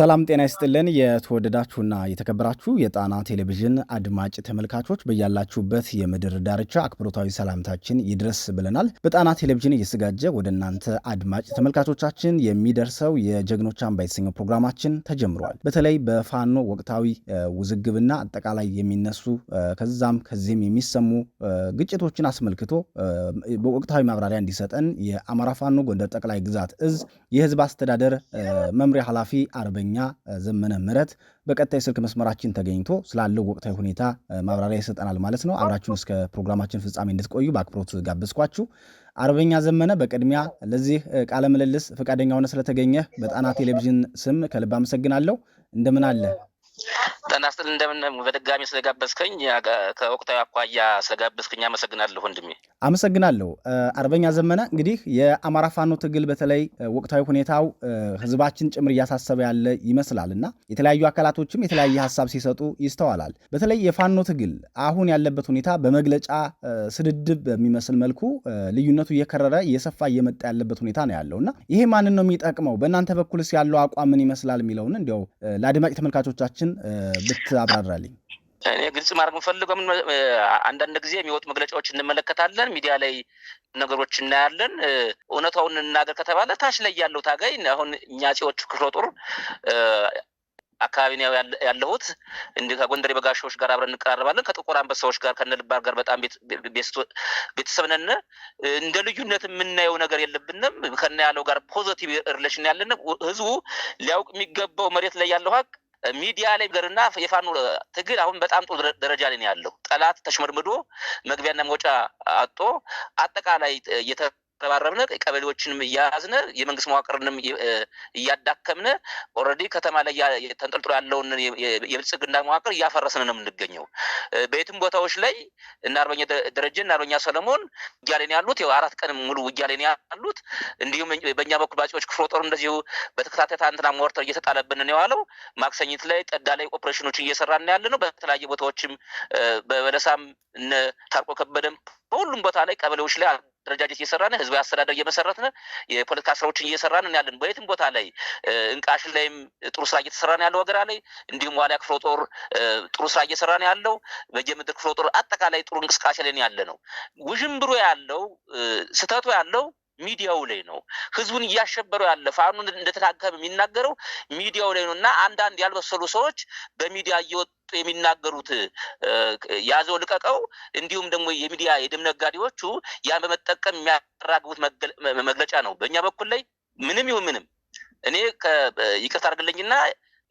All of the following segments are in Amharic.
ሰላም ጤና ይስጥልን። የተወደዳችሁና የተከበራችሁ የጣና ቴሌቪዥን አድማጭ ተመልካቾች በያላችሁበት የምድር ዳርቻ አክብሮታዊ ሰላምታችን ይድረስ ብለናል። በጣና ቴሌቪዥን እየተዘጋጀ ወደ እናንተ አድማጭ ተመልካቾቻችን የሚደርሰው የጀግኖች አምባ የተሰኘው ፕሮግራማችን ተጀምሯል። በተለይ በፋኖ ወቅታዊ ውዝግብና አጠቃላይ የሚነሱ ከዛም ከዚህም የሚሰሙ ግጭቶችን አስመልክቶ ወቅታዊ ማብራሪያ እንዲሰጠን የአማራ ፋኖ ጎንደር ጠቅላይ ግዛት እዝ የህዝብ አስተዳደር መምሪያ ኃላፊ አርበኛ ጋዜጠኛ ዘመነ ምረት በቀጣይ ስልክ መስመራችን ተገኝቶ ስላለው ወቅታዊ ሁኔታ ማብራሪያ ይሰጠናል ማለት ነው። አብራችሁን እስከ ፕሮግራማችን ፍጻሜ እንድትቆዩ በአክብሮት ጋብዝኳችሁ። አርበኛ ዘመነ በቅድሚያ ለዚህ ቃለ ምልልስ ፈቃደኛ ሆነ ስለተገኘ በጣና ቴሌቪዥን ስም ከልብ አመሰግናለሁ። እንደምን አለ? ጤና ይስጥልኝ። እንደምን በድጋሚ ስለጋበዝከኝ ከወቅታዊ አኳያ ስለጋበዝከኝ አመሰግናለሁ ወንድሜ። አመሰግናለሁ አርበኛ ዘመነ። እንግዲህ የአማራ ፋኖ ትግል በተለይ ወቅታዊ ሁኔታው ህዝባችን ጭምር እያሳሰበ ያለ ይመስላል እና የተለያዩ አካላቶችም የተለያየ ሀሳብ ሲሰጡ ይስተዋላል። በተለይ የፋኖ ትግል አሁን ያለበት ሁኔታ በመግለጫ ስድድብ በሚመስል መልኩ ልዩነቱ እየከረረ እየሰፋ እየመጣ ያለበት ሁኔታ ነው ያለው እና ይሄ ማንን ነው የሚጠቅመው? በእናንተ በኩልስ ያለው አቋም ምን ይመስላል የሚለውን እንዲያው ለአድማጭ ተመልካቾቻችን ብትአብራራልኝ። እኔ ግልጽ ማድረግ የምፈልገው ምን አንዳንድ ጊዜ የሚወጡ መግለጫዎች እንመለከታለን፣ ሚዲያ ላይ ነገሮች እናያለን። እውነታውን እናገር ከተባለ ታች ላይ ያለው ታጋይ አሁን እኛ አፄዎቹ ክፍለ ጦር አካባቢ ነው ያለሁት። እንዲህ ከጎንደር የበጋሻዎች ጋር አብረን እንቀራረባለን። ከጥቁር አንበሳዎች ጋር ከነልባር ጋር በጣም ቤተሰብ ነን። እንደ ልዩነት የምናየው ነገር የለብንም። ከና ያለው ጋር ፖዘቲቭ ሪሌሽን ያለን ህዝቡ ሊያውቅ የሚገባው መሬት ላይ ያለው ሀቅ ሚዲያ ላይ ገርና የፋኖ ትግል አሁን በጣም ጥሩ ደረጃ ላይ ያለው። ጠላት ተሽመድምዶ መግቢያና መውጫ አጦ አጠቃላይ እየተረባረብነ ቀበሌዎችንም እያያዝነ የመንግስት መዋቅርንም እያዳከምነ ኦልሬዲ ከተማ ላይ ተንጠልጥሎ ያለውን የብልጽግና መዋቅር እያፈረስን ነው የምንገኘው። በየትም ቦታዎች ላይ እና አርበኛ ደረጀ እና አርበኛ ሰለሞን ውጊያ ላይ ነው ያሉት። አራት ቀን ሙሉ ውጊያ ላይ ያሉት። እንዲሁም በእኛ በኩል ባጭዎች ክፍለ ጦር እንደዚሁ በተከታታይ ትናንትና ሞርተር እየተጣለብን ነው የዋለው። ማክሰኝት ላይ ጠዳ ላይ ኦፕሬሽኖች እየሰራን ያለ ነው። በተለያየ ቦታዎችም በበለሳም ታርቆ ከበደም በሁሉም ቦታ ላይ ቀበሌዎች ላይ አደረጃጀት እየሰራን ህዝባዊ አስተዳደር እየመሰረትን የፖለቲካ ስራዎችን እየሰራን ያለን በየትም ቦታ ላይ እንቃሽን ላይም ጥሩ ስራ እየተሰራ ነው ያለው ወገራ ላይ እንዲሁም ዋሊያ ክፍለ ጦር ጥሩ ስራ እየሰራ ነው ያለው በጌምድር ክፍለ ጦር አጠቃላይ ጥሩ እንቅስቃሴ ላይ ያለ ነው። ውዥንብሩ ያለው ስህተቱ ያለው ሚዲያው ላይ ነው። ህዝቡን እያሸበረው ያለ ፋኑን እንደተናገረ የሚናገረው ሚዲያው ላይ ነው እና አንዳንድ ያልበሰሉ ሰዎች በሚዲያ እየወጡ የሚናገሩት ያዘው ልቀቀው፣ እንዲሁም ደግሞ የሚዲያ የደም ነጋዴዎቹ ያን በመጠቀም የሚያራግቡት መግለጫ ነው። በእኛ በኩል ላይ ምንም ይሁን ምንም እኔ ይቅርታ አድርግልኝና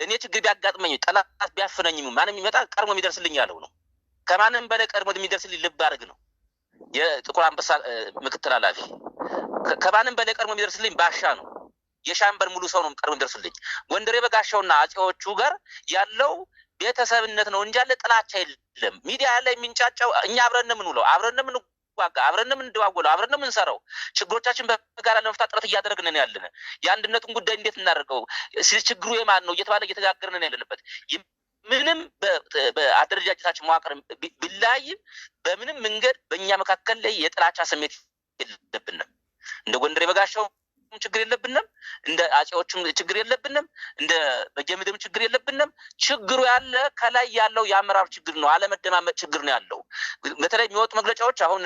እኔ ችግር ቢያጋጥመኝ ጠላት ቢያፍነኝ ማንም የሚመጣ ቀድሞ የሚደርስልኝ ያለው ነው። ከማንም በላይ ቀድሞ የሚደርስልኝ ልብ አድርግ ነው የጥቁር አንበሳ ምክትል ኃላፊ ከባንም በላይ ቀድሞ የሚደርስልኝ ባሻ ነው። የሻምበል ሙሉ ሰው ነው ቀድሞ የሚደርሱልኝ። ጎንደሬ በጋሻውና አጼዎቹ ጋር ያለው ቤተሰብነት ነው እንጂ ያለ ጥላቻ የለም። ሚዲያ ላይ የሚንጫጫው እኛ አብረን የምንውለው አብረን የምንዋጋ አብረን የምንደዋወለው አብረን የምንሰራው ችግሮቻችን በጋራ ለመፍታት ጥረት እያደረግን ያለን የአንድነቱን ጉዳይ እንዴት እናደርገው ችግሩ የማን ነው እየተባለ እየተጋገርን ያለንበት ምንም በአደረጃጀታችን መዋቅር ቢላይም በምንም መንገድ በእኛ መካከል ላይ የጥላቻ ስሜት የለብንም። እንደ ጎንደር የበጋሻው ችግር የለብንም፣ እንደ አጼዎችም ችግር የለብንም፣ እንደ በጌምድም ችግር የለብንም። ችግሩ ያለ ከላይ ያለው የአመራር ችግር ነው፣ አለመደማመጥ ችግር ነው ያለው። በተለይ የሚወጡ መግለጫዎች አሁን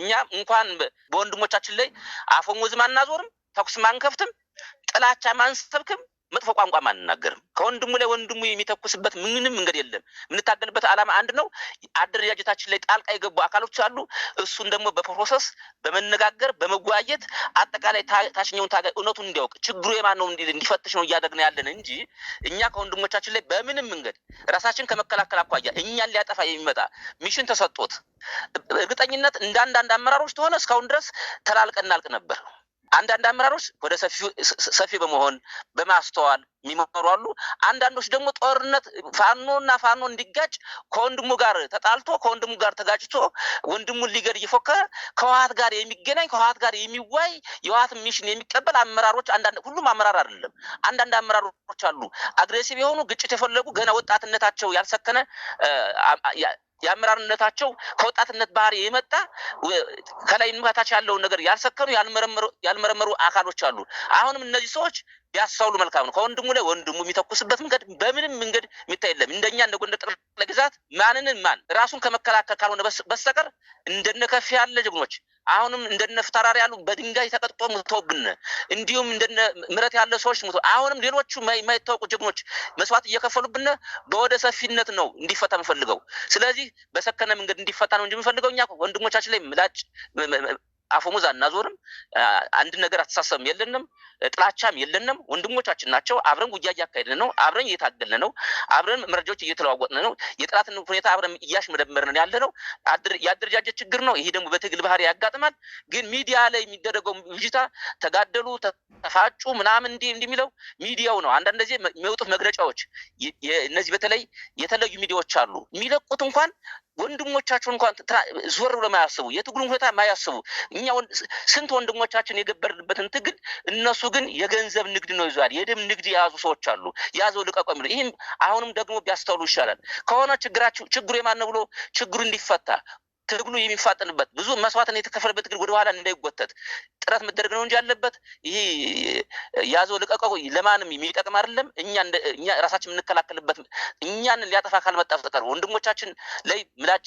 እኛ እንኳን በወንድሞቻችን ላይ አፈሙዝም አናዞርም፣ ተኩስም አንከፍትም፣ ጥላቻም አንሰብክም መጥፎ ቋንቋም አንናገርም። ከወንድሙ ላይ ወንድሙ የሚተኩስበት ምንም መንገድ የለም። የምንታገልበት ዓላማ አንድ ነው። አደረጃጀታችን ላይ ጣልቃ የገቡ አካሎች አሉ። እሱን ደግሞ በፕሮሰስ በመነጋገር በመጓየት አጠቃላይ ታችኛውን ታጋይ እውነቱን እንዲያውቅ ችግሩ የማን ነው እንዲፈትሽ ነው እያደግን ያለን እንጂ እኛ ከወንድሞቻችን ላይ በምንም መንገድ ራሳችን ከመከላከል አኳያ እኛን ሊያጠፋ የሚመጣ ሚሽን ተሰጦት እርግጠኝነት እንደ አንዳንድ አመራሮች ተሆነ እስካሁን ድረስ ተላልቀ እናልቅ ነበር። አንዳንድ አመራሮች ወደ ሰፊ በመሆን በማስተዋል የሚመሩ አሉ። አንዳንዶች ደግሞ ጦርነት ፋኖና ፋኖ እንዲጋጭ ከወንድሙ ጋር ተጣልቶ ከወንድሙ ጋር ተጋጭቶ ወንድሙን ሊገድ እየፎከረ ከውሃት ጋር የሚገናኝ ከውሀት ጋር የሚዋይ የውሀት ሚሽን የሚቀበል አመራሮች አንዳንድ ሁሉም አመራር አይደለም። አንዳንድ አመራሮች አሉ አግሬሲቭ የሆኑ ግጭት የፈለጉ ገና ወጣትነታቸው ያልሰከነ የአመራርነታቸው ከወጣትነት ባህሪ የመጣ ከላይ ንታች ያለውን ነገር ያልሰከኑ ያልመረመሩ አካሎች አሉ። አሁንም እነዚህ ሰዎች ያሳውሉ መልካም ነው። ከወንድሙ ላይ ወንድሙ የሚተኩስበት መንገድ በምንም መንገድ የሚታይ የለም። እንደኛ እንደ ጎንደር ጠቅላይ ግዛት ማንንን ማን ራሱን ከመከላከል ካልሆነ በስተቀር እንደነከፍ ያለ ጀግኖች አሁንም እንደነ ፍታራሪ ያሉ በድንጋይ ተቀጥጦ ሙተውብን፣ እንዲሁም እንደነ ምረት ያለ ሰዎች ሙተው፣ አሁንም ሌሎቹ የማይታወቁ ጀግኖች መስዋዕት እየከፈሉብን በወደ ሰፊነት ነው እንዲፈታ የምፈልገው። ስለዚህ በሰከነ መንገድ እንዲፈታ ነው እንጂ የምፈልገው እኛ ወንድሞቻችን ላይ ምላጭ አፈሙዝ አናዞርም። አንድ ነገር አተሳሰብም የለንም፣ ጥላቻም የለንም። ወንድሞቻችን ናቸው። አብረን ውጊያ እያካሄድን ነው። አብረን እየታገልን ነው። አብረን መረጃዎች እየተለዋወጥን ነው። የጥላትን ሁኔታ አብረን እያሽመደመርን ያለ ነው። የአደረጃጀት ችግር ነው። ይሄ ደግሞ በትግል ባህሪ ያጋጥማል። ግን ሚዲያ ላይ የሚደረገው ብዥታ ተጋደሉ፣ ተፋጩ ምናምን እንዲህ እንደሚለው ሚዲያው ነው። አንዳንድ ጊዜ የሚወጡት መግለጫዎች እነዚህ በተለይ የተለዩ ሚዲያዎች አሉ የሚለቁት እንኳን ወንድሞቻቸው እንኳን ዞር ብሎ ማያስቡ የትግሉ ሁኔታ ማያስቡ እኛ ስንት ወንድሞቻችን የገበርንበትን ትግል እነሱ ግን የገንዘብ ንግድ ነው ይዟል፣ የደም ንግድ የያዙ ሰዎች አሉ። ያዘው ልቀቆ የሚሉ ይህም አሁንም ደግሞ ቢያስተውሉ ይሻላል። ከሆነ ችግራቸው ችግሩ የማን ነው ብሎ ችግሩ እንዲፈታ ትግሉ የሚፋጠንበት ብዙ መስዋዕትን የተከፈለበት ግን ወደ ኋላ እንዳይጎተት ጥረት መደረግ ነው እንጂ ያለበት ይሄ ያዘው ልቀቀው ለማንም የሚጠቅም አይደለም። እኛ ራሳችን የምንከላከልበት እኛን ሊያጠፋ ካልመጣ በስተቀር ወንድሞቻችን ላይ ምላጭ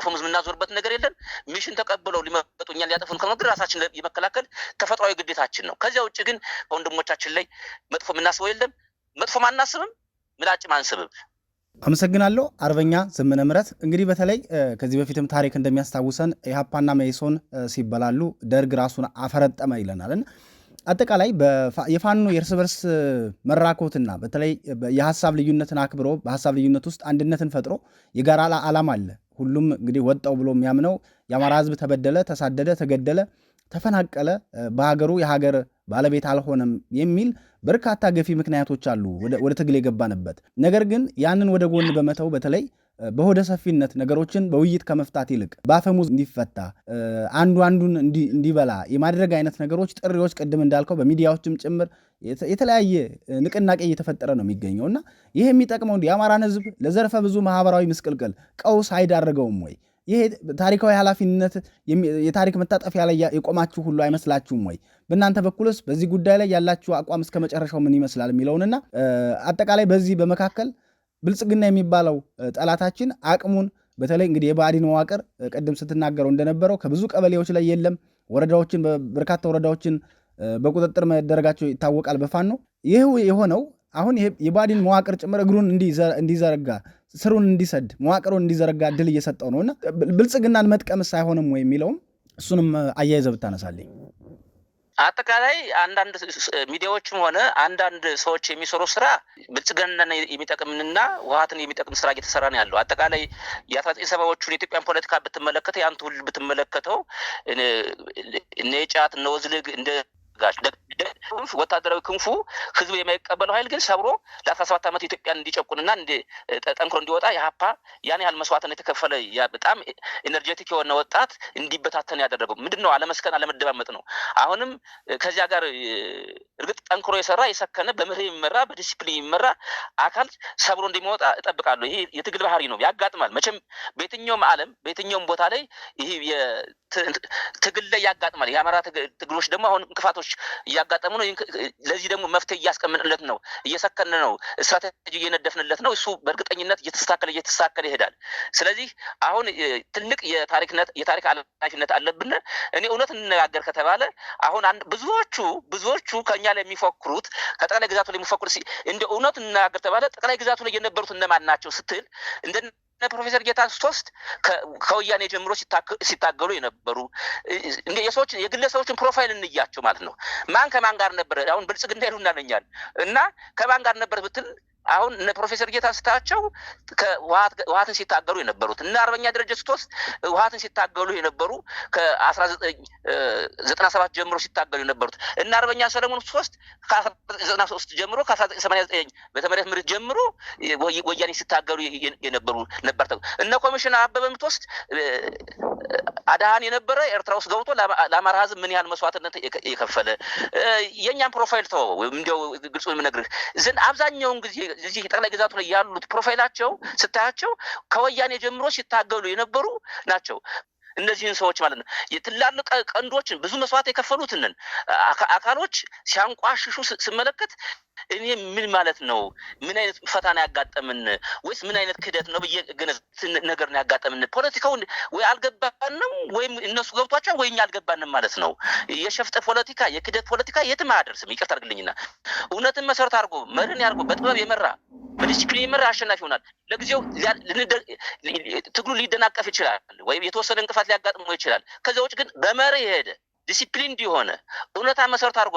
አፈሙዝ የምናዞርበት ነገር የለን። ሚሽን ተቀብለው ሊመጡ እኛን ሊያጠፉን ከመግድ ራሳችን የመከላከል ተፈጥሯዊ ግዴታችን ነው። ከዚያ ውጭ ግን ከወንድሞቻችን ላይ መጥፎ የምናስበው የለም። መጥፎ ማናስብም፣ ምላጭ ማንስብም አመሰግናለሁ አርበኛ ዘመነ ምረት እንግዲህ በተለይ ከዚህ በፊትም ታሪክ እንደሚያስታውሰን ኢህአፓና መኢሶን ሲበላሉ ደርግ ራሱን አፈረጠመ ይለናልን። አጠቃላይ የፋኖ የእርስ በርስ መራኮትና በተለይ የሀሳብ ልዩነትን አክብሮ በሀሳብ ልዩነት ውስጥ አንድነትን ፈጥሮ የጋራ ዓላማ አለ። ሁሉም እንግዲህ ወጣው ብሎ የሚያምነው የአማራ ህዝብ ተበደለ፣ ተሳደደ፣ ተገደለ፣ ተፈናቀለ በሀገሩ የሀገር ባለቤት አልሆነም የሚል በርካታ ገፊ ምክንያቶች አሉ ወደ ትግል የገባንበት። ነገር ግን ያንን ወደ ጎን በመተው በተለይ በሆደ ሰፊነት ነገሮችን በውይይት ከመፍታት ይልቅ በአፈሙዝ እንዲፈታ አንዱ አንዱን እንዲበላ የማድረግ አይነት ነገሮች፣ ጥሪዎች ቅድም እንዳልከው በሚዲያዎችም ጭምር የተለያየ ንቅናቄ እየተፈጠረ ነው የሚገኘው እና ይህ የሚጠቅመው የአማራን ሕዝብ ለዘርፈ ብዙ ማህበራዊ ምስቅልቅል ቀውስ አይዳረገውም ወይ? ይሄ ታሪካዊ ኃላፊነት የታሪክ መታጠፊያ ላይ የቆማችሁ ሁሉ አይመስላችሁም ወይ? በእናንተ በኩልስ በዚህ ጉዳይ ላይ ያላችሁ አቋም እስከ መጨረሻው ምን ይመስላል የሚለውንና አጠቃላይ በዚህ በመካከል ብልጽግና የሚባለው ጠላታችን አቅሙን በተለይ እንግዲህ የባዲን መዋቅር ቅድም ስትናገረው እንደነበረው ከብዙ ቀበሌዎች ላይ የለም ወረዳዎችን በርካታ ወረዳዎችን በቁጥጥር መደረጋቸው ይታወቃል በፋኖ ይህ የሆነው አሁን የባዲን መዋቅር ጭምር እግሩን እንዲዘረጋ ስሩን እንዲሰድ መዋቅሩን እንዲዘረጋ እድል እየሰጠው ነው እና ብልጽግናን መጥቀምስ አይሆንም ወይ የሚለውም እሱንም አያይዘ ብታነሳለኝ። አጠቃላይ አንዳንድ ሚዲያዎችም ሆነ አንዳንድ ሰዎች የሚሰሩ ስራ ብልጽግናን የሚጠቅምንና ውሀትን የሚጠቅም ስራ እየተሰራ ነው ያለው። አጠቃላይ የአስራ ዘጠኝ ሰባዎቹን የኢትዮጵያን ፖለቲካ ብትመለከተ የአንቱ ብትመለከተው እነ ጫት እነ ወዝልግ እንደ ጋች ወታደራዊ ክንፉ ህዝብ የማይቀበለው ኃይል ግን ሰብሮ ለአስራ ሰባት ዓመት ኢትዮጵያን እንዲጨቁንና ጠንክሮ እንዲወጣ የሀፓ ያን ያህል መስዋዕትን የተከፈለ በጣም ኤነርጀቲክ የሆነ ወጣት እንዲበታተን ያደረገው ምንድን ነው? አለመስከን አለመደማመጥ ነው። አሁንም ከዚያ ጋር እርግጥ ጠንክሮ የሰራ የሰከነ በምህር የሚመራ በዲሲፕሊን የሚመራ አካል ሰብሮ እንደሚወጣ እጠብቃለሁ። ይሄ የትግል ባህሪ ነው፣ ያጋጥማል። መቼም በየትኛውም ዓለም በየትኛውም ቦታ ላይ ይሄ ትግል ላይ ያጋጥማል። የአማራ ትግሎች ደግሞ አሁን እንቅፋቶች ጥቃቶች እያጋጠሙ ነው። ለዚህ ደግሞ መፍትሄ እያስቀምንለት ነው። እየሰከን ነው። ስትራቴጂ እየነደፍንለት ነው። እሱ በእርግጠኝነት እየተስተካከለ እየተስተካከለ ይሄዳል። ስለዚህ አሁን ትልቅ የታሪክ ኃላፊነት አለብን። እኔ እውነት እንነጋገር ከተባለ አሁን ብዙዎቹ ብዙዎቹ ከኛ ላይ የሚፎክሩት ከጠቅላይ ግዛቱ ላይ የሚፎክሩት እንደ እውነት እንነጋገር ከተባለ ጠቅላይ ግዛቱ ላይ የነበሩት እነማን ናቸው ስትል እንደ እነ ፕሮፌሰር ጌታን ሶስት ከወያኔ ጀምሮ ሲታገሉ የነበሩ የሰዎችን የግለሰቦችን ፕሮፋይል እንያቸው ማለት ነው። ማን ከማን ጋር ነበረ? አሁን ብልጽግና ሄዱ ይሉናለኛል እና ከማን ጋር ነበረ ብትል አሁን እነ ፕሮፌሰር ጌታ ስታቸው ውሀትን ሲታገሉ የነበሩት እና አርበኛ ደረጀ ስቶስ ውሀትን ሲታገሉ የነበሩ ከአስራ ዘጠኝ ዘጠና ሰባት ጀምሮ ሲታገሉ የነበሩት እና አርበኛ ሰለሞን ሶስት ከዘጠና ሶስት ጀምሮ ከአስራ ዘጠኝ ሰማንያ ዘጠኝ በተመሪያት ምርት ጀምሮ ወያኔ ሲታገሉ የነበሩ ነበር። እነ ኮሚሽን አበበ ምትወስድ አድሃን የነበረ ኤርትራ ውስጥ ገብቶ ለአማራ ህዝብ ምን ያህል መስዋዕትነት የከፈለ የእኛን ፕሮፋይል ተ እንዲያው ግልጹ የምነግርህ ዘንድ አብዛኛውን ጊዜ እዚህ ጠቅላይ ግዛቱ ላይ ያሉት ፕሮፋይላቸው ስታያቸው ከወያኔ ጀምሮ ሲታገሉ የነበሩ ናቸው። እነዚህን ሰዎች ማለት ነው የትላልቅ ቀንዶችን ብዙ መስዋዕት የከፈሉትንን አካሎች ሲያንቋሽሹ ስመለከት እኔ ምን ማለት ነው? ምን አይነት ፈታ ነው ያጋጠምን ወይስ ምን አይነት ክህደት ነው ብዬ ነገር ነው ያጋጠምን። ፖለቲካውን ወይ አልገባንም ወይም እነሱ ገብቷቸው ወይ እኛ አልገባንም ማለት ነው። የሸፍጥ ፖለቲካ፣ የክህደት ፖለቲካ የትም አያደርስም። ይቅርታ አድርግልኝና እውነትን መሰረት አድርጎ መርን ያርጎ በጥበብ የመራ በዲስፕሊን የመራ አሸናፊ ይሆናል። ለጊዜው ትግሉ ሊደናቀፍ ይችላል፣ ወይም የተወሰነ እንቅፋት ሊያጋጥመው ይችላል። ከዚያ ውጭ ግን በመርህ የሄደ ዲሲፕሊን የሆነ እውነታ መሰረት አድርጎ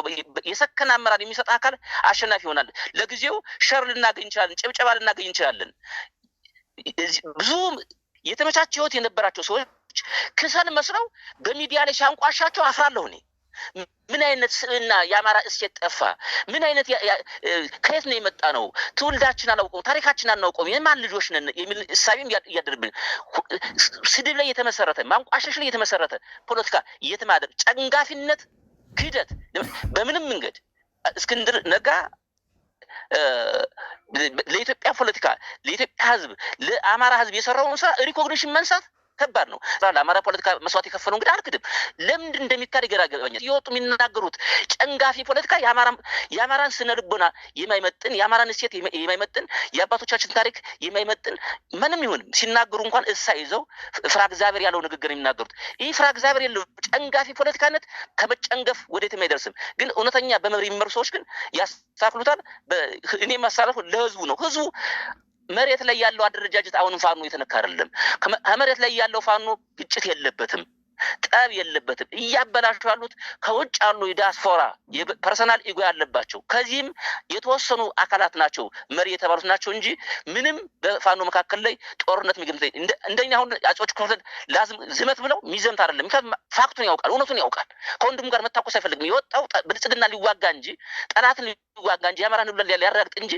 የሰከነ አመራር የሚሰጥ አካል አሸናፊ ይሆናል። ለጊዜው ሸር ልናገኝ እንችላለን፣ ጭብጨባ ልናገኝ እንችላለን። ብዙ የተመቻቸ ህይወት የነበራቸው ሰዎች ክሰል መስለው በሚዲያ ላይ ሲያንቋሻቸው አፍራለሁ እኔ። ምን አይነት ስብዕና የአማራ እሴት ጠፋ? ምን አይነት ከየት ነው የመጣ ነው? ትውልዳችን አናውቀው፣ ታሪካችን አናውቀውም የማን ልጆች ነን የሚል እሳቤም እያደርብን ስድብ ላይ የተመሰረተ ማንቋሸሽ ላይ የተመሰረተ ፖለቲካ ማደር ጨንጋፊነት፣ ክህደት በምንም መንገድ እስክንድር ነጋ ለኢትዮጵያ ፖለቲካ፣ ለኢትዮጵያ ሕዝብ፣ ለአማራ ሕዝብ የሰራውን ስራ ሪኮግኒሽን መንሳት ከባድ ነው። ለአማራ ፖለቲካ መስዋዕት የከፈለው እንግዲህ አልክድም። ለምንድን እንደሚካድ ይገራገባኛል። እየወጡ የሚናገሩት ጨንጋፊ ፖለቲካ የአማራን ስነ ልቦና የማይመጥን የአማራን እሴት የማይመጥን የአባቶቻችን ታሪክ የማይመጥን ምንም ይሁን ሲናገሩ እንኳን እሳ ይዘው ፍራ እግዚአብሔር ያለው ንግግር የሚናገሩት ይህ ፍራ እግዚአብሔር የለው ጨንጋፊ ፖለቲካነት ከመጨንገፍ ወዴትም አይደርስም። ግን እውነተኛ በመብር የሚመሩ ሰዎች ግን ያሳክሉታል። እኔ ማሳለፉ ለህዝቡ ነው ህዝቡ መሬት ላይ ያለው አደረጃጀት አሁንም ፋኖ የተነካ አይደለም። ከመሬት ላይ ያለው ፋኖ ግጭት የለበትም። ጠብ የለበትም። እያበላሹ ያሉት ከውጭ ያሉ የዲያስፖራ ፐርሰናል ኢጎ ያለባቸው ከዚህም የተወሰኑ አካላት ናቸው መሪ የተባሉት ናቸው እንጂ ምንም በፋኖ መካከል ላይ ጦርነት የሚገምት እንደኛ አሁን አጼዎች ክፍል ዝመት ብለው የሚዘምት አይደለም። ፋክቱን ያውቃል፣ እውነቱን ያውቃል። ከወንድሙ ጋር መታኮስ አይፈልግም። የወጣው ብልጽግና ሊዋጋ እንጂ ጠላትን ሊዋጋ እንጂ የአማራን ብለ ሊያረጋግጥ እንጂ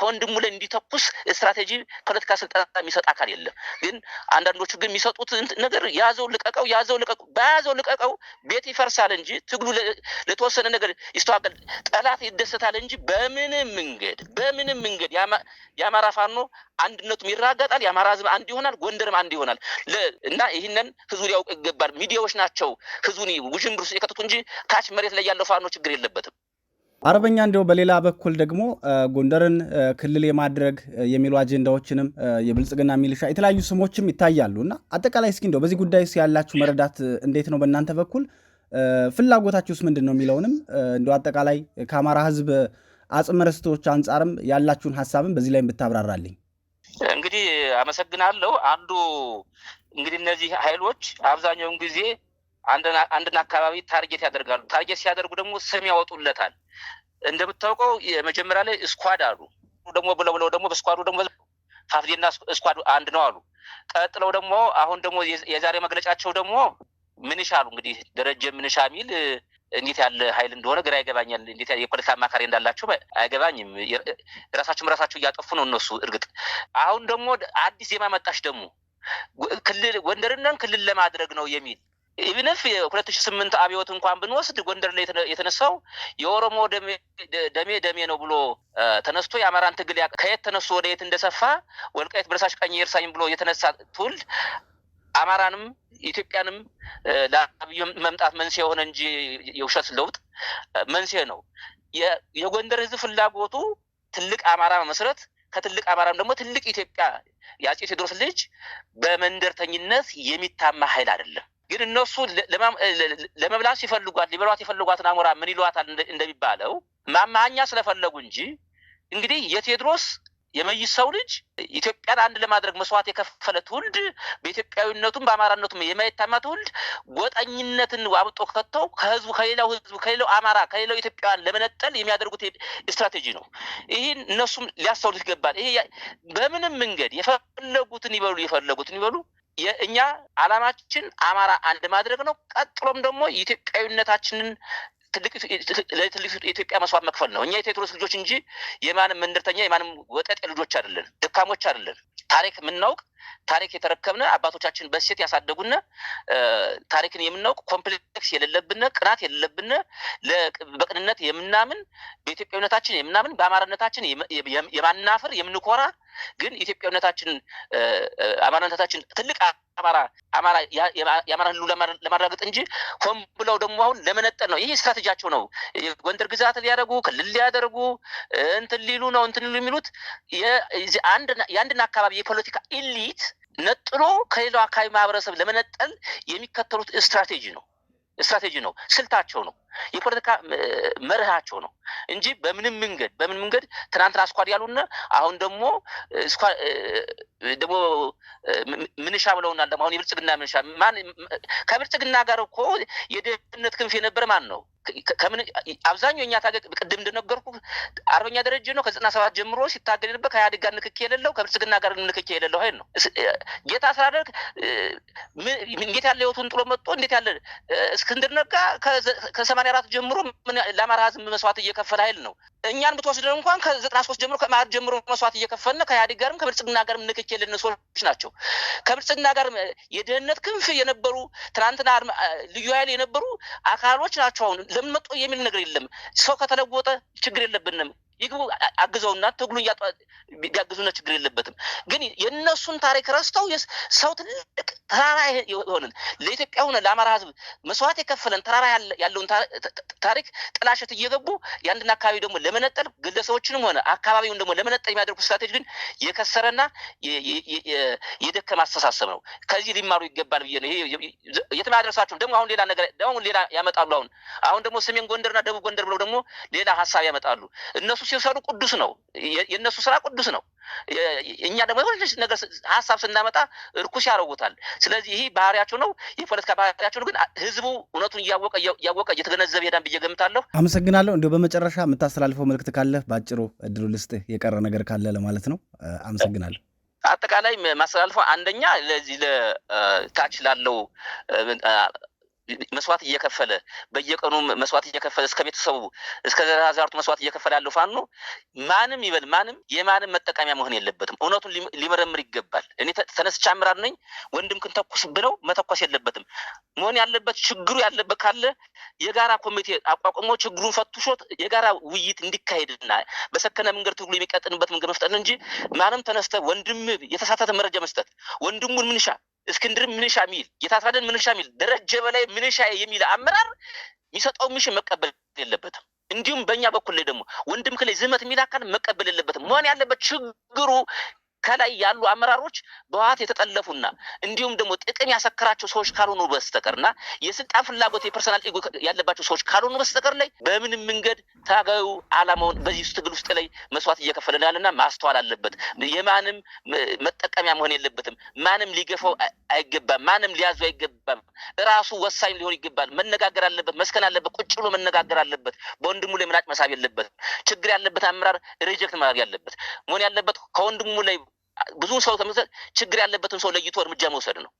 ከወንድሙ ላይ እንዲተኩስ ስትራቴጂ ፖለቲካ ስልጠና የሚሰጥ አካል የለም። ግን አንዳንዶቹ ግን የሚሰጡት ነገር ያዘው ልቀቀው ያዘው ልቀቁ፣ በያዘው ልቀቀው ቤት ይፈርሳል እንጂ ትግሉ ለተወሰነ ነገር ይስተዋቀል፣ ጠላት ይደሰታል እንጂ በምንም መንገድ በምንም መንገድ የአማራ ፋኖ አንድነቱም ይራገጣል። የአማራ ህዝብ አንድ ይሆናል፣ ጎንደርም አንድ ይሆናል። እና ይህንን ህዝቡ ሊያውቅ ይገባል። ሚዲያዎች ናቸው ህዝቡን ውዥንብር ውስጥ የከተቱ እንጂ ታች መሬት ላይ ያለው ፋኖ ችግር የለበትም። አርበኛ እንደው በሌላ በኩል ደግሞ ጎንደርን ክልል የማድረግ የሚሉ አጀንዳዎችንም የብልጽግና ሚሊሻ የተለያዩ ስሞችም ይታያሉ እና አጠቃላይ እስኪ እንደው በዚህ ጉዳይ ያላችሁ መረዳት እንዴት ነው በእናንተ በኩል ፍላጎታችሁስ ምንድን ነው የሚለውንም እንደ አጠቃላይ ከአማራ ሕዝብ አጽመ ርስቶች አንጻርም ያላችሁን ሀሳብም በዚህ ላይ ብታብራራልኝ። እንግዲህ አመሰግናለሁ። አንዱ እንግዲህ እነዚህ ኃይሎች አብዛኛውን ጊዜ አንድን አካባቢ ታርጌት ያደርጋሉ። ታርጌት ሲያደርጉ ደግሞ ስም ያወጡለታል። እንደምታውቀው የመጀመሪያ ላይ እስኳድ አሉ ደግሞ ብለው ብለው ደግሞ በስኳዱ ደግሞ ፋፍዴና እስኳድ አንድ ነው አሉ። ቀጥለው ደግሞ አሁን ደግሞ የዛሬ መግለጫቸው ደግሞ ምንሻ አሉ። እንግዲህ ደረጀ ምንሻ የሚል እንዴት ያለ ኃይል እንደሆነ ግራ ይገባኛል። እንዴት የፖለቲካ አማካሪ እንዳላቸው አይገባኝም። ራሳቸውም ራሳቸው እያጠፉ ነው እነሱ። እርግጥ አሁን ደግሞ አዲስ ዜማ መጣች ደግሞ ክልል ጎንደርነን ክልል ለማድረግ ነው የሚል ኢቭንፍ የሁለት ሺ ስምንት አብዮት እንኳን ብንወስድ ጎንደር ላይ የተነሳው የኦሮሞ ደሜ ደሜ ነው ብሎ ተነስቶ የአማራን ትግል ከየት ተነሱ ወደ የት እንደሰፋ ወልቃየት ብረሳሽ ቀኝ የእርሳኝ ብሎ የተነሳ ትውልድ አማራንም ኢትዮጵያንም ለአብዮ መምጣት መንስኤ የሆነ እንጂ የውሸት ለውጥ መንስኤ ነው። የጎንደር ህዝብ ፍላጎቱ ትልቅ አማራ መመስረት ከትልቅ አማራም ደግሞ ትልቅ ኢትዮጵያ የአፄ ቴዎድሮስ ልጅ በመንደርተኝነት የሚታማ ኃይል አይደለም። ግን እነሱ ለመብላት ሲፈልጓት ሊበሏት የፈልጓትን አሞራ ምን ይሏታል እንደሚባለው ማማሃኛ ስለፈለጉ እንጂ እንግዲህ የቴዎድሮስ የመይስ ሰው ልጅ ኢትዮጵያን አንድ ለማድረግ መስዋዕት የከፈለ ትውልድ በኢትዮጵያዊነቱም በአማራነቱም የማይታማ ትውልድ ጎጠኝነትን አብጦ ከቶ ከህዝቡ ከሌላው ህዝቡ ከሌላው አማራ ከሌላው ኢትዮጵያውያን ለመነጠል የሚያደርጉት ስትራቴጂ ነው። ይህን እነሱም ሊያስተውሉት ይገባል። ይሄ በምንም መንገድ የፈለጉትን ይበሉ የፈለጉትን ይበሉ የእኛ አላማችን አማራ አንድ ማድረግ ነው። ቀጥሎም ደግሞ የኢትዮጵያዊነታችንን ለትልቅ የኢትዮጵያ መስዋዕት መክፈል ነው። እኛ የቴዎድሮስ ልጆች እንጂ የማንም መንደርተኛ የማንም ወጠጤ ልጆች አይደለን፣ ድካሞች አይደለን። ታሪክ የምናውቅ ታሪክ የተረከብነ አባቶቻችን በሴት ያሳደጉነ ታሪክን የምናውቅ ኮምፕሌክስ የሌለብነ ቅናት የሌለብነ በቅንነት የምናምን በኢትዮጵያዊነታችን የምናምን በአማራነታችን የማናፍር የምንኮራ ግን ኢትዮጵያዊነታችንን አማራነታችን ትልቅ አማራ አማራ የአማራ ህሉ ለማረጋገጥ እንጂ ሆን ብለው ደግሞ አሁን ለመነጠል ነው። ይህ ስትራቴጂያቸው ነው። ጎንደር ግዛት ሊያደርጉ ክልል ሊያደርጉ እንትን ሊሉ ነው እንትን ሊሉ የሚሉት የአንድን አካባቢ የፖለቲካ ኢሊት ነጥሎ ከሌላው አካባቢ ማህበረሰብ ለመነጠል የሚከተሉት ስትራቴጂ ነው ስትራቴጂ ነው ስልታቸው ነው። የፖለቲካ መርሃቸው ነው እንጂ በምንም መንገድ በምን መንገድ ትናንትና አስኳድ ያሉና አሁን ደግሞ ደግሞ ምንሻ ብለውናል። ደግሞ አሁን የብልጽግና ምንሻ ከብልጽግና ጋር እኮ የደህንነት ክንፍ የነበረ ማን ነው? አብዛኛው እኛ ታገ ቅድም እንደነገርኩ አርበኛ ደረጀ ነው ከዘጠና ሰባት ጀምሮ ሲታገል የነበር ከኢህአዴግ ጋር ንክኪ የሌለው ከብልጽግና ጋር ንክኪ የሌለው ሀይል ነው። ጌታ አስተዳደር እንዴት ያለ ህይወቱን ጥሎ መጥቶ እንዴት ያለ እስክንድር ነጋ ከሰማንያ አራት ጀምሮ ለአማራ ህዝብ መስዋዕት እየከፈለ ኃይል ነው። እኛን ብትወስደ እንኳን ከዘጠና ሶስት ጀምሮ ከማር ጀምሮ መስዋዕት እየከፈልን ከኢህአዴግ ጋርም ከብልጽግና ጋርም ንክክ የሌለን ሰዎች ናቸው። ከብልጽግና ጋር የደህንነት ክንፍ የነበሩ ትናንትና ልዩ ኃይል የነበሩ አካሎች ናቸው። አሁን ለምን መጡ የሚል ነገር የለም። ሰው ከተለወጠ ችግር የለብንም። ይግቡ አግዘውና ትግሉ ቢያግዙና ችግር የለበትም። ግን የእነሱን ታሪክ ረስተው ሰው ትልቅ ተራራ የሆንን ለኢትዮጵያ ሆነ ለአማራ ሕዝብ መስዋዕት የከፈለን ተራራ ያለውን ታሪክ ጥላሸት እየገቡ የአንድን አካባቢ ደግሞ ለመነጠል ግለሰቦችንም ሆነ አካባቢውን ደግሞ ለመነጠል የሚያደርጉ ስትራቴጂ ግን የከሰረና የደከመ አስተሳሰብ ነው። ከዚህ ሊማሩ ይገባል ብዬ ነው። የትም ያደርሳቸውም ደግሞ አሁን ሌላ ነገር ደግሞ ሌላ ያመጣሉ። አሁን አሁን ደግሞ ሰሜን ጎንደርና ደቡብ ጎንደር ብለው ደግሞ ሌላ ሀሳብ ያመጣሉ እነሱ ሲሰሩ ቅዱስ ነው። የእነሱ ስራ ቅዱስ ነው። እኛ ደግሞ የሆነች ነገር ሀሳብ ስናመጣ እርኩስ ያደርጉታል። ስለዚህ ይህ ባህሪያቸው ነው፣ የፖለቲካ ባህሪያቸው ነው። ግን ህዝቡ እውነቱን እያወቀ እየተገነዘበ ሄዳን ብዬ ገምታለሁ። አመሰግናለሁ። እንዲሁ በመጨረሻ የምታስተላልፈው መልእክት ካለ በአጭሩ እድሉ ልስጥ፣ የቀረ ነገር ካለ ለማለት ነው። አመሰግናለሁ። አጠቃላይ ማስተላልፈው አንደኛ ለዚህ ለታች ላለው መስዋዕት እየከፈለ በየቀኑ መስዋዕት እየከፈለ እስከ ቤተሰቡ እስከ ዘራዛርቱ መስዋዕት እየከፈለ ያለው ፋኖ ማንም ይበል ማንም የማንም መጠቀሚያ መሆን የለበትም። እውነቱን ሊመረምር ይገባል። እኔ ተነስቼ አምራር ነኝ ወንድም ክን ተኩስ ብለው መተኮስ የለበትም። መሆን ያለበት ችግሩ ያለበት ካለ የጋራ ኮሚቴ አቋቁሞ ችግሩን ፈትሾት የጋራ ውይይት እንዲካሄድና በሰከነ መንገድ ትግሉ የሚቀጥንበት መንገድ መፍጠን እንጂ ማንም ተነስተ ወንድም የተሳተተ መረጃ መስጠት ወንድሙን ምንሻ እስክንድር ምንሻ የሚል ጌታስራደን ምንሻ የሚል ደረጀ በላይ ምንሻ የሚል አመራር የሚሰጠው ምሽን መቀበል የለበትም። እንዲሁም በእኛ በኩል ላይ ደግሞ ወንድም ክላይ ዝመት የሚል አካል መቀበል የለበትም። መሆን ያለበት ችግሩ ከላይ ያሉ አመራሮች በህወሓት የተጠለፉና እንዲሁም ደግሞ ጥቅም ያሰከራቸው ሰዎች ካልሆኑ በስተቀርና የስልጣን ፍላጎት የፐርሰናል ኢጎ ያለባቸው ሰዎች ካልሆኑ በስተቀር ላይ በምንም መንገድ ታጋዩ አላማውን በዚህ ትግል ውስጥ ላይ መስዋዕት እየከፈለ ነው ያለና ማስተዋል አለበት። የማንም መጠቀሚያ መሆን የለበትም። ማንም ሊገፋው አይገባም። ማንም ሊያዙ አይገባም። ራሱ ወሳኝ ሊሆን ይገባል። መነጋገር አለበት። መስከን አለበት። ቁጭ ብሎ መነጋገር አለበት። በወንድሙ ላይ ምላጭ መሳብ የለበት። ችግር ያለበት አመራር ሪጀክት ማድረግ ያለበት መሆን ያለበት ከወንድሙ ላይ ብዙ ሰው ተመሰል ችግር ያለበትን ሰው ለይቶ እርምጃ መውሰድ ነው።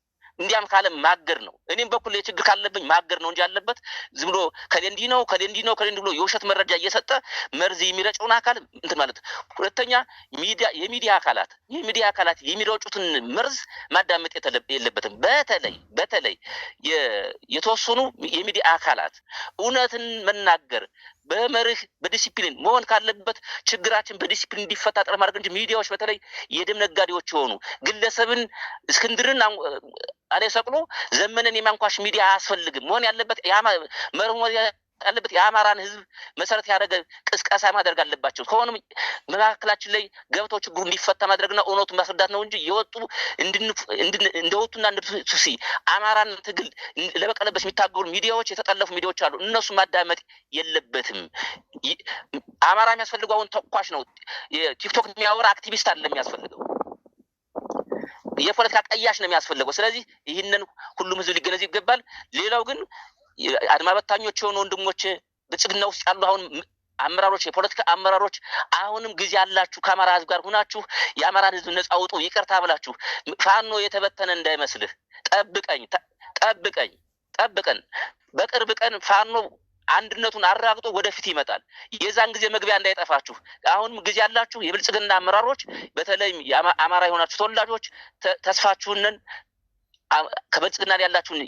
እንዲያም ካለ ማገር ነው። እኔም በኩል የችግር ካለብኝ ማገር ነው እንጂ ያለበት ዝም ብሎ ከሌ እንዲህ ነው ከሌ እንዲህ ነው ከሌ እንዲህ ብሎ የውሸት መረጃ እየሰጠ መርዝ የሚረጨውን አካል እንትን ማለት። ሁለተኛ ሚዲያ የሚዲያ አካላት የሚዲያ አካላት የሚረጩትን መርዝ ማዳመጥ የለበትም። በተለይ በተለይ የተወሰኑ የሚዲያ አካላት እውነትን መናገር በመርህ በዲሲፕሊን መሆን ካለበት ችግራችን በዲሲፕሊን እንዲፈታጠር ማድረግ እንጂ ሚዲያዎች በተለይ የደም ነጋዴዎች የሆኑ ግለሰብን እስክንድርን አሌ ሰቅሎ ዘመንን የማንኳሽ ሚዲያ አያስፈልግም። መሆን ያለበት መርህ አለበት የአማራን ህዝብ መሰረት ያደረገ ቅስቀሳ ማድረግ አለባቸው። ከሆኑም መካከላችን ላይ ገብተው ችግሩ እንዲፈታ ማድረግና እውነቱን ማስረዳት ነው እንጂ የወጡ እንደወጡና እንደሱሲ አማራን ትግል ለመቀለበስ የሚታገሉ ሚዲያዎች፣ የተጠለፉ ሚዲያዎች አሉ። እነሱ ማዳመጥ የለበትም። አማራ የሚያስፈልገው አሁን ተኳሽ ነው። ቲክቶክ የሚያወራ አክቲቪስት አለ የሚያስፈልገው የፖለቲካ ቀያሽ ነው የሚያስፈልገው። ስለዚህ ይህንን ሁሉም ህዝብ ሊገነዝ ይገባል። ሌላው ግን አድማ በታኞች የሆኑ ወንድሞች ብልጽግና ውስጥ ያሉ አሁን አመራሮች የፖለቲካ አመራሮች አሁንም ጊዜ ያላችሁ ከአማራ ህዝብ ጋር ሁናችሁ የአማራን ህዝብ ነጻ ይቅርታ ብላችሁ ፋኖ የተበተነ እንዳይመስልህ። ጠብቀኝ ጠብቀኝ ጠብቀን፣ በቅርብ ቀን ፋኖ አንድነቱን አራግጦ ወደፊት ይመጣል። የዛን ጊዜ መግቢያ እንዳይጠፋችሁ። አሁንም ጊዜ ያላችሁ የብልጽግና አመራሮች፣ በተለይም አማራ የሆናችሁ ተወላጆች ተስፋችሁንን ከብልጽግና ያላችሁን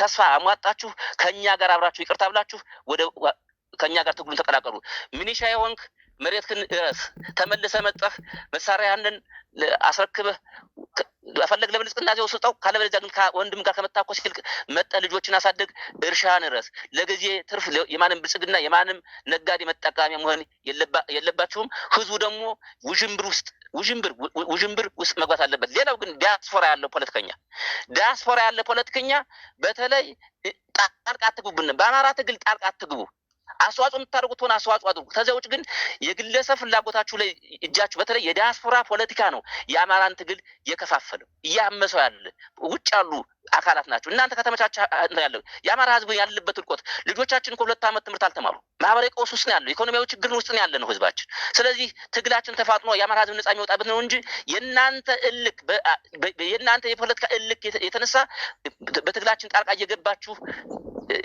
ተስፋ አሟጣችሁ ከእኛ ጋር አብራችሁ ይቅርታ ብላችሁ ወደ ከእኛ ጋር ትግሉን ተቀላቀሉ። ሚኒሻ የሆንክ መሬትህን እረስ፣ ተመልሰህ መጠህ መሳሪያህን አስረክበህ ፈለግ ለብልጽግና ዜው ስጠው፣ ካለበለዚያ ግን ወንድም ጋር ከመታኮስ ይልቅ መጠ ልጆችን አሳደግ፣ እርሻ ንረስ፣ ለጊዜ ትርፍ የማንም ብልጽግና የማንም ነጋዴ መጠቃሚ መሆን የለባችሁም። ህዝቡ ደግሞ ውዥንብር ውስጥ ውዥንብር ውዥንብር ውስጥ መግባት አለበት። ሌላው ግን ዲያስፖራ ያለው ፖለቲከኛ ዲያስፖራ ያለ ፖለቲከኛ በተለይ ጣልቃ አትግቡብን። በአማራ ትግል ጣልቃ አትግቡ። አስተዋጽኦ የምታደርጉት ሆነ አስተዋጽኦ አድርጉ። ከዚያ ውጭ ግን የግለሰብ ፍላጎታችሁ ላይ እጃችሁ በተለይ የዲያስፖራ ፖለቲካ ነው የአማራን ትግል እየከፋፈለው እያመሰው ያለ ውጭ ያሉ አካላት ናቸው። እናንተ ከተመቻቸ ያለው የአማራ ህዝብ ያለበት እርቆት ልጆቻችን ከሁለት ዓመት ትምህርት አልተማሩ ማህበራዊ ቀውስ ውስጥ ነው ያለው። ኢኮኖሚያዊ ችግር ውስጥ ነው ያለ ነው ህዝባችን። ስለዚህ ትግላችን ተፋጥኖ የአማራ ህዝብ ነጻ የሚወጣበት ነው እንጂ የእናንተ እልክ የእናንተ የፖለቲካ እልክ የተነሳ በትግላችን ጣልቃ እየገባችሁ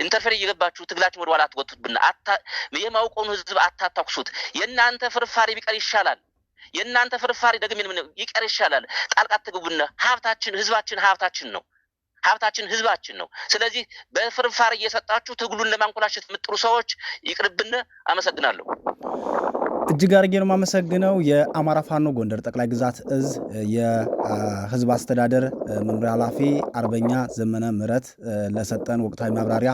ኢንተርፌር እየገባችሁ ትግላችሁ ወደ ኋላ አትጎቱብን። የማውቀውን ህዝብ አታታኩሱት። የእናንተ ፍርፋሪ ቢቀር ይሻላል። የእናንተ ፍርፋሪ ደግሜ ይቀር ይሻላል። ጣልቃ አትግቡና ሀብታችን ህዝባችን ሀብታችን ነው ሀብታችን ህዝባችን ነው። ስለዚህ በፍርፋሪ እየሰጣችሁ ትግሉን ለማንኮላሸት የምጥሩ ሰዎች ይቅርብን። አመሰግናለሁ። እጅግ አድርጌ ነው የማመሰግነው። የአማራ ፋኖ ጎንደር ጠቅላይ ግዛት እዝ የህዝብ አስተዳደር መምሪያ ኃላፊ አርበኛ ዘመነ ምረት ለሰጠን ወቅታዊ ማብራሪያ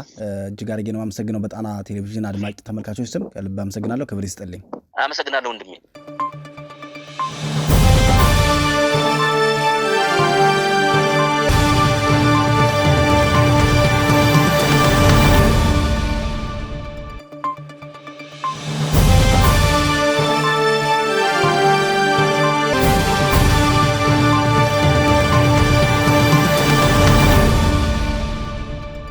እጅግ አድርጌ ነው የማመሰግነው። በጣና ቴሌቪዥን አድማጭ ተመልካቾች ስም ከልብ አመሰግናለሁ። ክብር ይስጥልኝ። አመሰግናለሁ ወንድሜ።